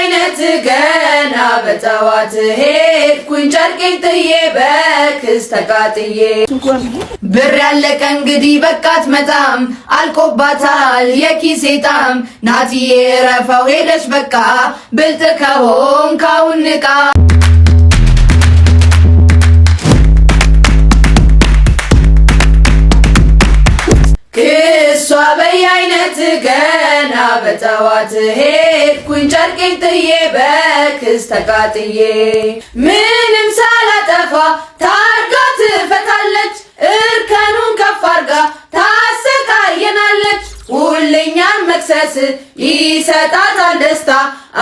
አይነት ገና በጠዋት ሄድኩኝ ጨርቄን ጥዬ በክስ ተቃጥዬ ብር ያለቀ እንግዲህ በቃት መጣም አልቆባታል የኪሴ ጣም ናትዬ ረፈው ሄደች በቃ ብልጥ ከሆን ካሁን ንቃ በየአይነት ገና በጠዋት ሄድኩኝ ጨርቄን ጥዬ በክስ ተቃጥዬ ምንም ሳላጠፋ ታርጋ ትፈታለች እርከኑን ከፍ አርጋ ታሰቃየናለች ሁለኛን መክሰስ ይሰጣታል ደስታ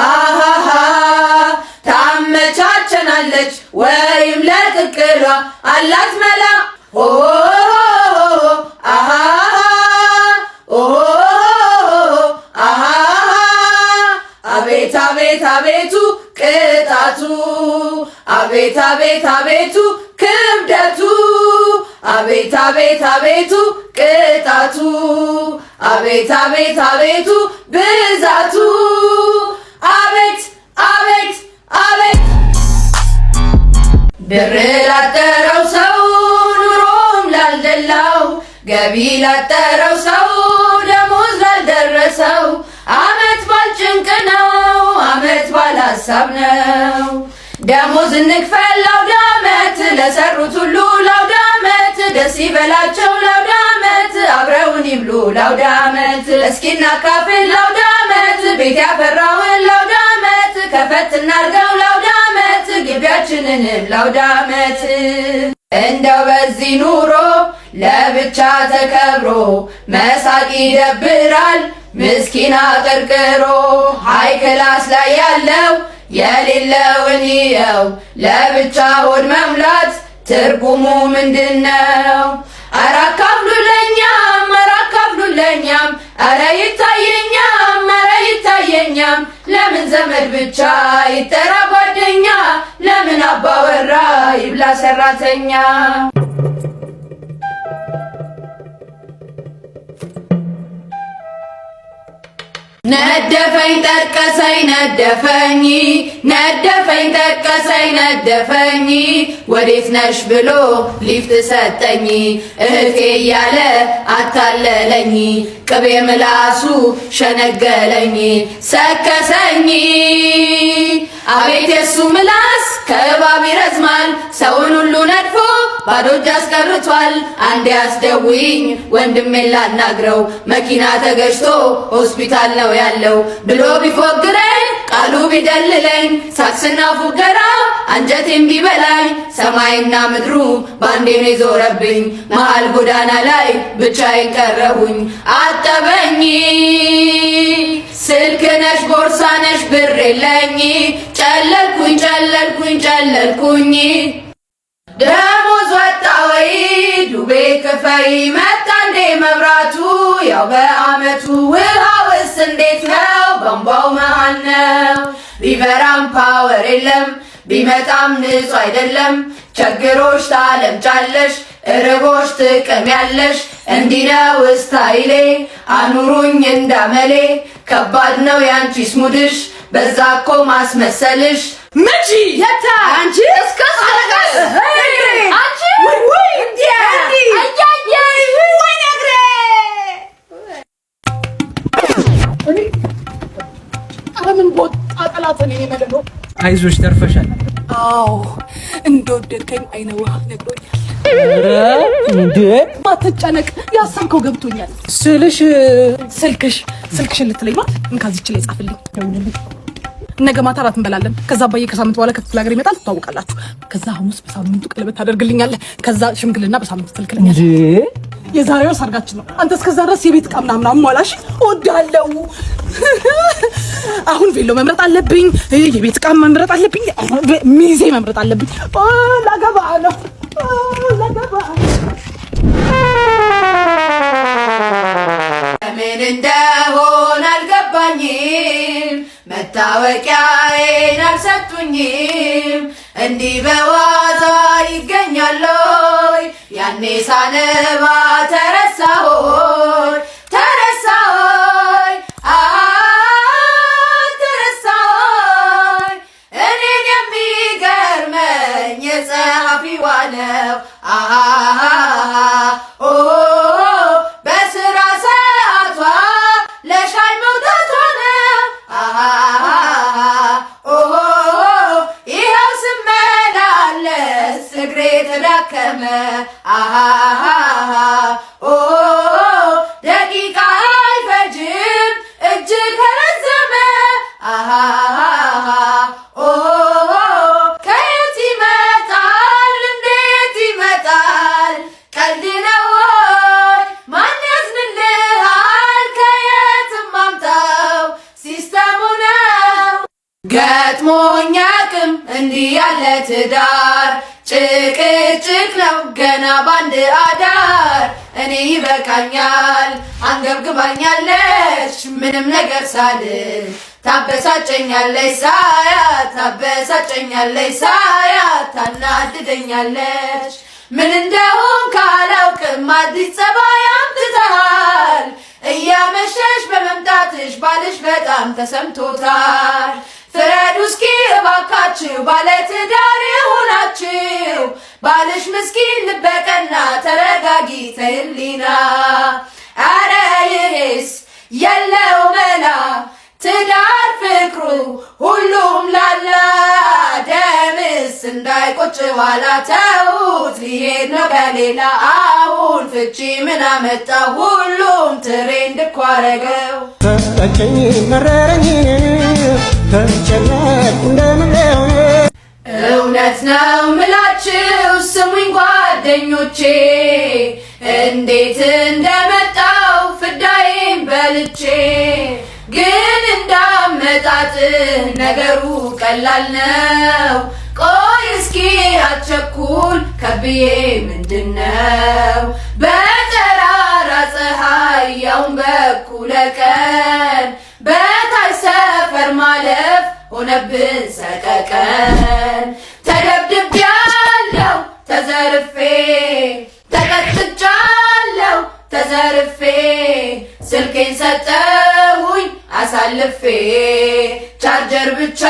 አሃሃ ታመቻቸናለች ወይም ለቅቅሏ አላት መላ አቤት አቤቱ ቅጣቱ አቤት አቤት አቤቱ ክብደቱ አቤት አቤት አቤቱ ቅጣቱ አቤት አቤት አቤቱ ብዛቱ አቤት አቤት አቤት ብር ላጠረው ሰው ኑሮም ላልደላው ገቢ ላጠረው ሰው ሀሳብ ነው። ደሞዝ እንክፈል ለአውደ ለሰሩት ሁሉ ለአውደ ዓመት ደስ ይበላቸው ለአውደ ዓመት አብረውን ይብሉ ለአውደ ዓመት እስኪ እናካፍል ለአውደ ዓመት ቤት ያፈራውን ለአውደ ዓመት ከፈት እናድርገው ለአውደ ዓመት ግቢያችንንም ለአውደ ዓመት እንደው በዚህ ኑሮ ለብቻ ተከብሮ መሳቂ ይደብራል ምስኪና ቅርቅሮ ሀይ ክላስ ላይ ያለው የሌለውን ይኸው ለብቻ ሆድ መሙላት ትርጉሙ ምንድን ነው? ኧረ አካፍሉለኛም፣ ኧረ አካፍሉለኛም፣ ኧረ ይታየኛም፣ ኧረ ይታየኛም። ለምን ዘመድ ብቻ ይጠራ ጓደኛ? ለምን አባወራ ይብላ ሰራተኛ? ነደፈኝ ጠቀሰኝ ነደፈኝ ነደፈኝ ጠቀሰኝ ነደፈኝ ወዴት ነሽ ብሎ ሊፍት ሰጠኝ እህቴ እያለ አታለለኝ ቅቤ ምላሱ ሸነገለኝ ሰከሰኝ አቤት የሱ ምላስ ከእባብ ይረዝማል፣ ሰውን ሁሉ ነድፎ ባዶ እጅ አስቀርቷል። አንዴ አስደውይኝ ወንድሜን ላናግረው መኪና ተገጭቶ ሆስፒታል ነው ያለው ብሎ ቢፎግረኝ ቃሉ ቢደልለኝ ሳስና ፉገራ አንጀቴም ቢበላኝ ሰማይና ምድሩ ባንዴ ነው የዞረብኝ። መሃል ጎዳና ላይ ብቻዬን ቀረሁኝ። አጠበኝ ቦርሳ ነሽ ብር የለኝ። ጨለልኩኝ ጨለልኩኝ ጨለልኩኝ ደሞዝ ወጣ ወይ ዱቤ ክፈይ መጣ እንዴ መብራቱ ያው በአመቱ ውሃውስ እንዴት ነው ከቧንቧው መሀል ነው። ቢበራም ፓወር የለም ቢመጣም ንጹ አይደለም። ችግሮች ታለምጫለሽ፣ እርቦች ጥቅም ያለሽ እንዲነው ስታይሌ አኑሩኝ እንዳመሌ። ከባድ ነው ያንቺ ስሙድሽ፣ በዛ እኮ ማስመሰልሽ። ምቺ የታ አንቺ እስከ አይዞሽ ተርፈሻል። አዎ እንደወደድከኝ አይነ ውሃ ነግሮኛል። እንዴ ማትጨነቅ ያሰብከው ገብቶኛል ስልሽ ስልክሽ ስልክሽ ልትለይ ባት እንካዚች ላይ ጻፍልኝ። ነገ ማታ እራት እንበላለን። ከዛ አባዬ ከሳምንት በኋላ ከክፍለ ሀገር ይመጣል፣ ትታወቃላችሁ። ከዛ ሐሙስ በሳምንቱ ቀለበት ታደርግልኛለህ። ከዛ ሽምግልና በሳምንቱ ትልክልኛለህ። የዛሬው ሰርጋችን ነው። አንተ እስከዛ ድረስ የቤት ዕቃ ምናምን አሟላሽ እወዳለሁ። አሁን ቬሎ መምረጥ አለብኝ፣ የቤት ዕቃ መምረጥ አለብኝ፣ ሚዜ መምረጥ አለብኝ። ላገባ ነው ላገባ ምን እንደሆን አልገባኝም። መታወቂያዬን አልሰጡኝም። እንዲህ በዋዛ ይገኛለሁ ያኔ ሳነባ ትዳር ጭቅጭቅ ነው ገና ባንድ አዳር እኔ ይበቃኛል አንገብግባኛለች ምንም ነገር ሳልል ታበሳጨኛለች ሳያት ታበሳጨኛለች ሳያት ታናድደኛለች ምን እንደሆን ካላውቅም አዲስ ጸባይ አምጥተሃል እያመሸሽ በመምጣትሽ ባልሽ በጣም ተሰምቶታል ፍረዱ እስኪ እባካችሁ ባለትዳር የሆናችሁ ባልሽ ምስኪን ልበቀና ተረጋጊ ተህሊና አረ ይሄስ የለው መላ ትዳር ፍቅሩ ሁሉም ላላ ደምስ እንዳይቆጭ ኋላ ተውት ሊሄድ ነው ከሌላ አሁን ፍቺ ምን አመጣ ሁሉም ትሬንድ እኮ አረገው መረረኝ ከተጨነቅኩ እንደምን እውነት ነው ምላችሁ ስሙኝ ጓደኞቼ እንዴት እንደመጣው ፍዳዬን በልቼ ግን እንዳመጣጥህ ነገሩ ቀላል ነው ቆይ እስኪ አቸኩል ከብዬ ምንድን ነው በጠራራ ፀሐይ ያውን በኩለ ቀን ሰፈር ማለፍ ሆነብን ሰቀቀን። ተደብድቤያለሁ ተዘርፌ ተቀጥቻለሁ ተዘርፌ ስልኬን ሰጠሁኝ አሳልፌ ቻርጀር ብቻ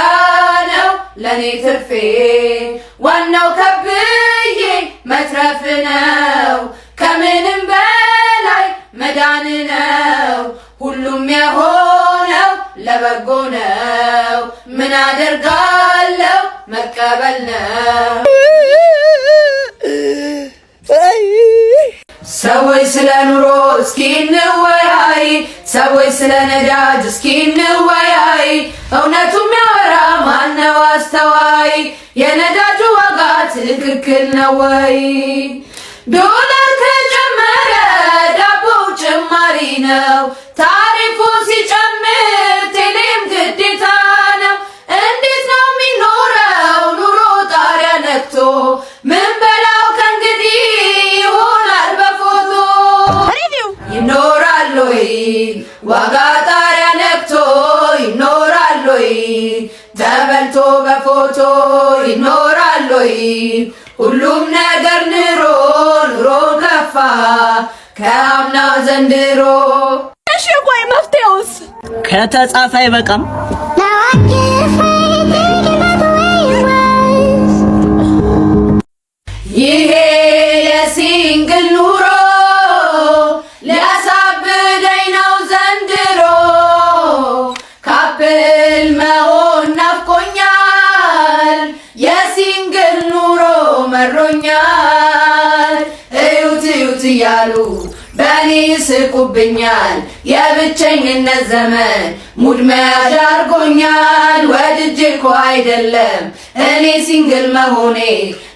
ነው ለኔ ትርፌ ዋናው ከብዬ መትረፍ ነው ከምንም በላይ መዳን ነው ሁሉም የሆ ለበጎ ነው። ምን አደርጋለሁ መቀበል ነው። ሰዎች ስለ ኑሮ እስኪ እንወያይ፣ ሰዎች ስለ ነዳጅ እስኪ እንወያይ። እውነቱም ያወራ ማነው አስተዋይ? የነዳጁ ዋጋ ትክክል ነው ወይ? ዶላር ተጨመረ፣ ዳቦ ጭማሪ ነው። ታሪፉ ሲጨምር ቴሌም ግዴታ ነው። እንዴት ነው የሚኖረው ኑሮ ጣሪያ ነክቶ? ምን በላው ከእንግዲህ ይሆናል በፎቶ ይኖራል ወይ ዋጋ ጣሪያ ነክቶ? ይኖራል ወይ ተበልቶ በፎቶ? ይኖራል ወይ ሁሉም ነገር ኑሮ ከአምና ዘንድሮ። እሺ ቆይ መፍትሄውስ ከተጻፈ አይበቃም እያሉ በእኔ ይስቁብኛል። የብቸኝነት ዘመን ሙድመያ ዳርጎኛል። ወድጄ እኮ አይደለም እኔ ሲንግል መሆኔ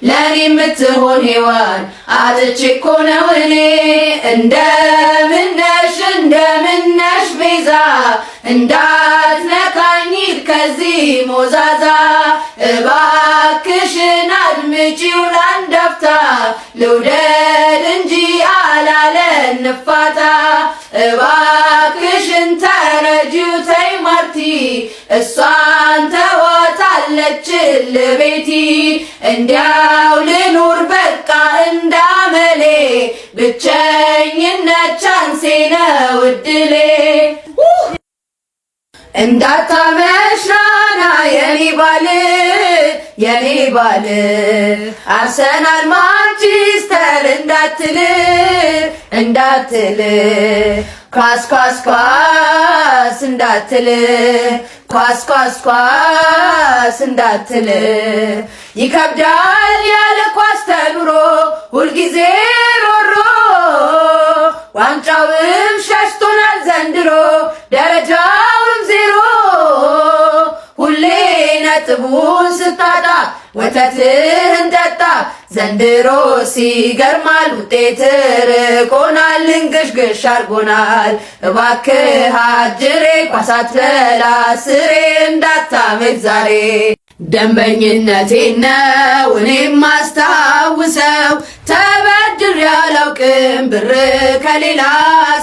ለእኔ የምትሆን ሔዋን አጥቼ እኮ ነው እኔ እንደምነሽ እንደምነሽ ቤዛ እንዳትነካ ከዚህ ሞዛዛ እባክሽን አድምጪው ላንዳፍታ ልውደድ እንጂ አላለን ንፋታ እባክሽን ተረጂው ተይ ማርቲ እሷን ተወታለች ልቤቲ እንዲያው ልኑር በቃ እንዳመሌ ብቸኝነት ቻንሴ ነው እድል እንዳታመሽና የኔ ባል የኔ ባል አርሰናል ማንችስተር እንዳትል እንዳትል ኳስ ኳስ ኳስ እንዳትል ኳስ ኳስ ኳስ እንዳትል ይከብዳል ያለ ኳስ ተኑሮ ሁልጊዜ ሮሮ ዋንጫውም ሸሽቶናል ዘንድሮ ወተትህን ጠጣ። ዘንድሮ ሲገርማል ውጤት ርቆናል፣ እንግሽግሽ አርጎናል። እባክህ አጅሬ ኳሳት ለላ ስሬ እንዳታመች ዛሬ ደንበኝነቴ ነው እኔም ማስታውሰው ተበድር አላውቅም ብር ከሌላ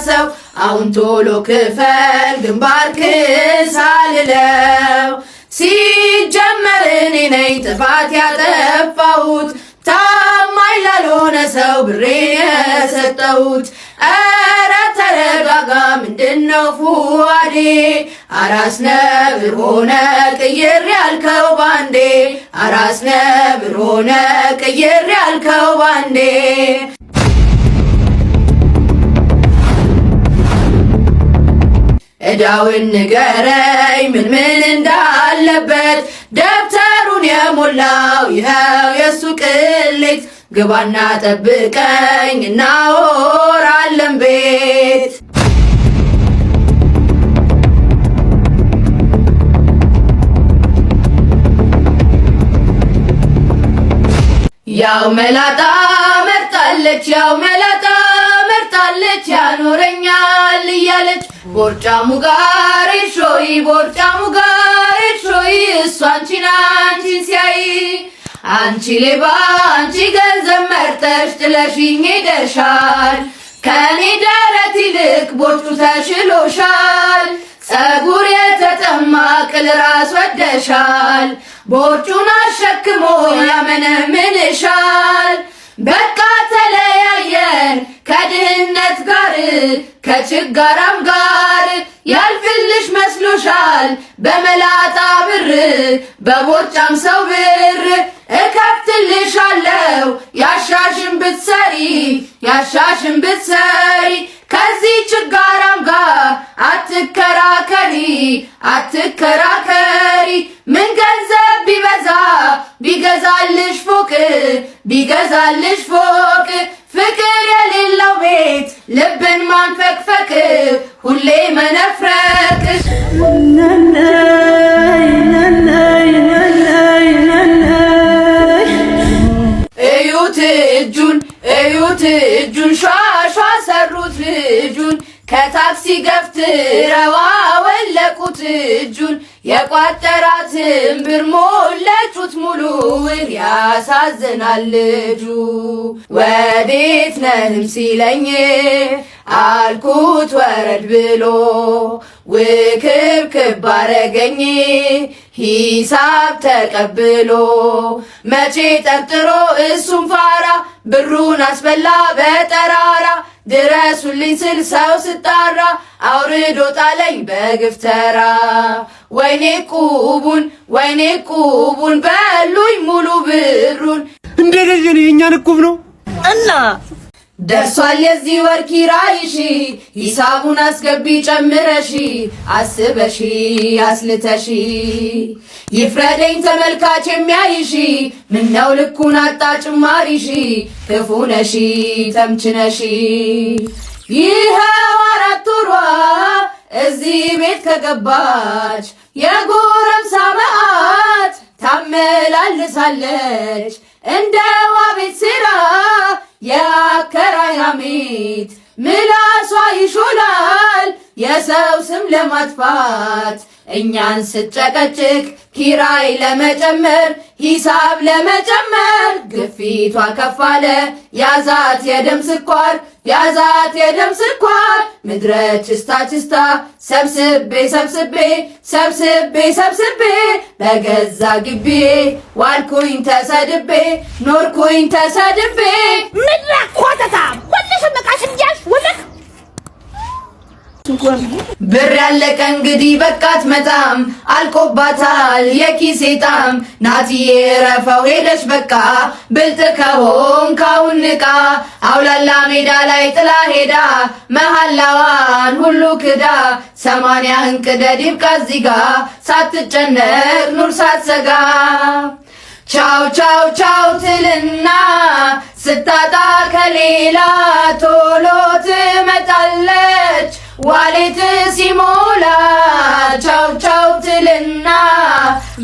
ሰው አሁን ቶሎ ክፈል ግንባር ክሳልለው ሲጀመር እኔ ነኝ ጥፋት ያጠፋሁት ታማኝ ላልሆነ ሰው ብሬ የሰጠሁት። ኧረ ተረጋጋ፣ ምንድነው ፉዋዴ አራስ ነብር ሆነ ቅይር ያልከው ባንዴ አራስ ነብር ሆነ ቅይር ያልከው ባንዴ እዳውን ንገረኝ ምን ምን እንዳለበት ደብተሩን የሞላው ይኸው የእሱ ቅሌት ግባና ጠብቀኝ እናወራለን ቤት ያው መላጣ መርጣለች ያው መላጣ ትመጣለች ያኖረኛል እያለች ቦርጫሙ ጋር ሾይ ቦርጫሙ ጋር ሾይ እሱ አንቺን አንቺን ሲያይ አንቺ ሌባ አንቺ ገንዘብ መርጠሽ ጥለሽኝ ሄደሻል ከኔ ደረት ይልቅ ቦርጩ ተሽሎሻል ጸጉር የተጠማ ቅል ራስ ወደሻል ቦርጩን አሸክሞ ያመነምንሻል በቃ ተለያየን ከድህነት ጋር ከችጋራም ጋር ያልፍልሽ መስሎሻል በመላጣ ብር በቦርጫም ሰው ብር እከፍትልሻለሁ ያሻሽን ብትሰሪ ያሻሽን ብትሰሪ ከዚህ ችጋራም ጋር አትከራከሪ አትከራከሪ ምን ገንዘብ ቢበዛ ቢገዛልሽ ፎቅ ቢገዛልሽ ፎቅ ፍቅር የሌለው ቤት ልብን ማንፈቅፈቅ ሁሌ መነፍረቅ እዩት እጁን እዩት እጁን ሿሿ ሰሩት ልጁን ከታክሲ ገፍትረዋ ወለቁት እጁን የቋጠራትን ብር ሞለጩት ሙሉውን። ያሳዝናል ልጁ ወዴት ነህም ሲለኝ አልኩት ወረድ ብሎ ክብ አረገኝ ሂሳብ ተቀብሎ መቼ ጠርጥሮ እሱም ፋራ ብሩን አስበላ በጠራራ ድረሱልኝ ስል ሰው ስጣራ አውርዶ ጣለኝ በግፍ ተራ። ወይኔ ቁቡን ወይኔ ቁቡን በሉኝ ሙሉ ብሩን። እንደገየን የእኛን እቁብ ነው እና ደርሷል የዚህ ወር ኪራይሽ፣ ሂሳቡን አስገቢ ጨምረሽ አስበሽ አስልተሽ ይፍረደኝ ተመልካች የሚያይሽ ምነው ልኩን አጣ ጭማሪሺ፣ ክፉ ነሺ ተምችነሺ። ይኸው አራት ወሯ እዚህ ቤት ከገባች የጎረምሳ መዓት ታመላልሳለች እንደ ዋ ቤት ሴራ የአከራይ ሐሜት ምላሷ ይሾላል የሰው ስም ለማጥፋት እኛን ስጨቀጭቅ ኪራይ ለመጨመር ሂሳብ ለመጨመር ግፊቷ ከፋለ አለ ያዛት የደም ስኳር ያዛት የደም ስኳር ምድረ ችስታ ችስታ ሰብስቤ ሰብስቤ ሰብስቤ ሰብስቤ በገዛ ግቢዬ ዋልኩኝ ተሰድቤ ኖርኩኝ ተሰድቤ ምድረ ኮተታ ወለሽ መቃሽ እንዲያሽ ወለክ ብር ያለቀ እንግዲህ በቃ አትመጣም፣ አልቆባታል የኪሴ ጣም። ናትዬ ረፈው ሄደች በቃ ብልጥ ከሆን ካሁን ንቃ። አውላላ ሜዳ ላይ ጥላ ሄዳ መሐላዋን ሁሉ ክዳ። ሰማንያ እንቅደድ ይብቃ እዚህ ጋ ሳትጨነቅ ኑር ሳትሰጋ። ቻው ቻው ቻው ትልና ስታጣ ከሌላ ቶሎ ትመጣለች። ዋሌት ሲሞላ ቻው ቻው ትልና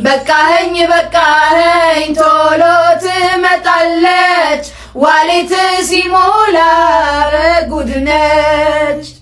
በቃኸኝ በቃኸኝ ቶሎ ትመጣለች። ዋሌት ሲሞላ ጉድነች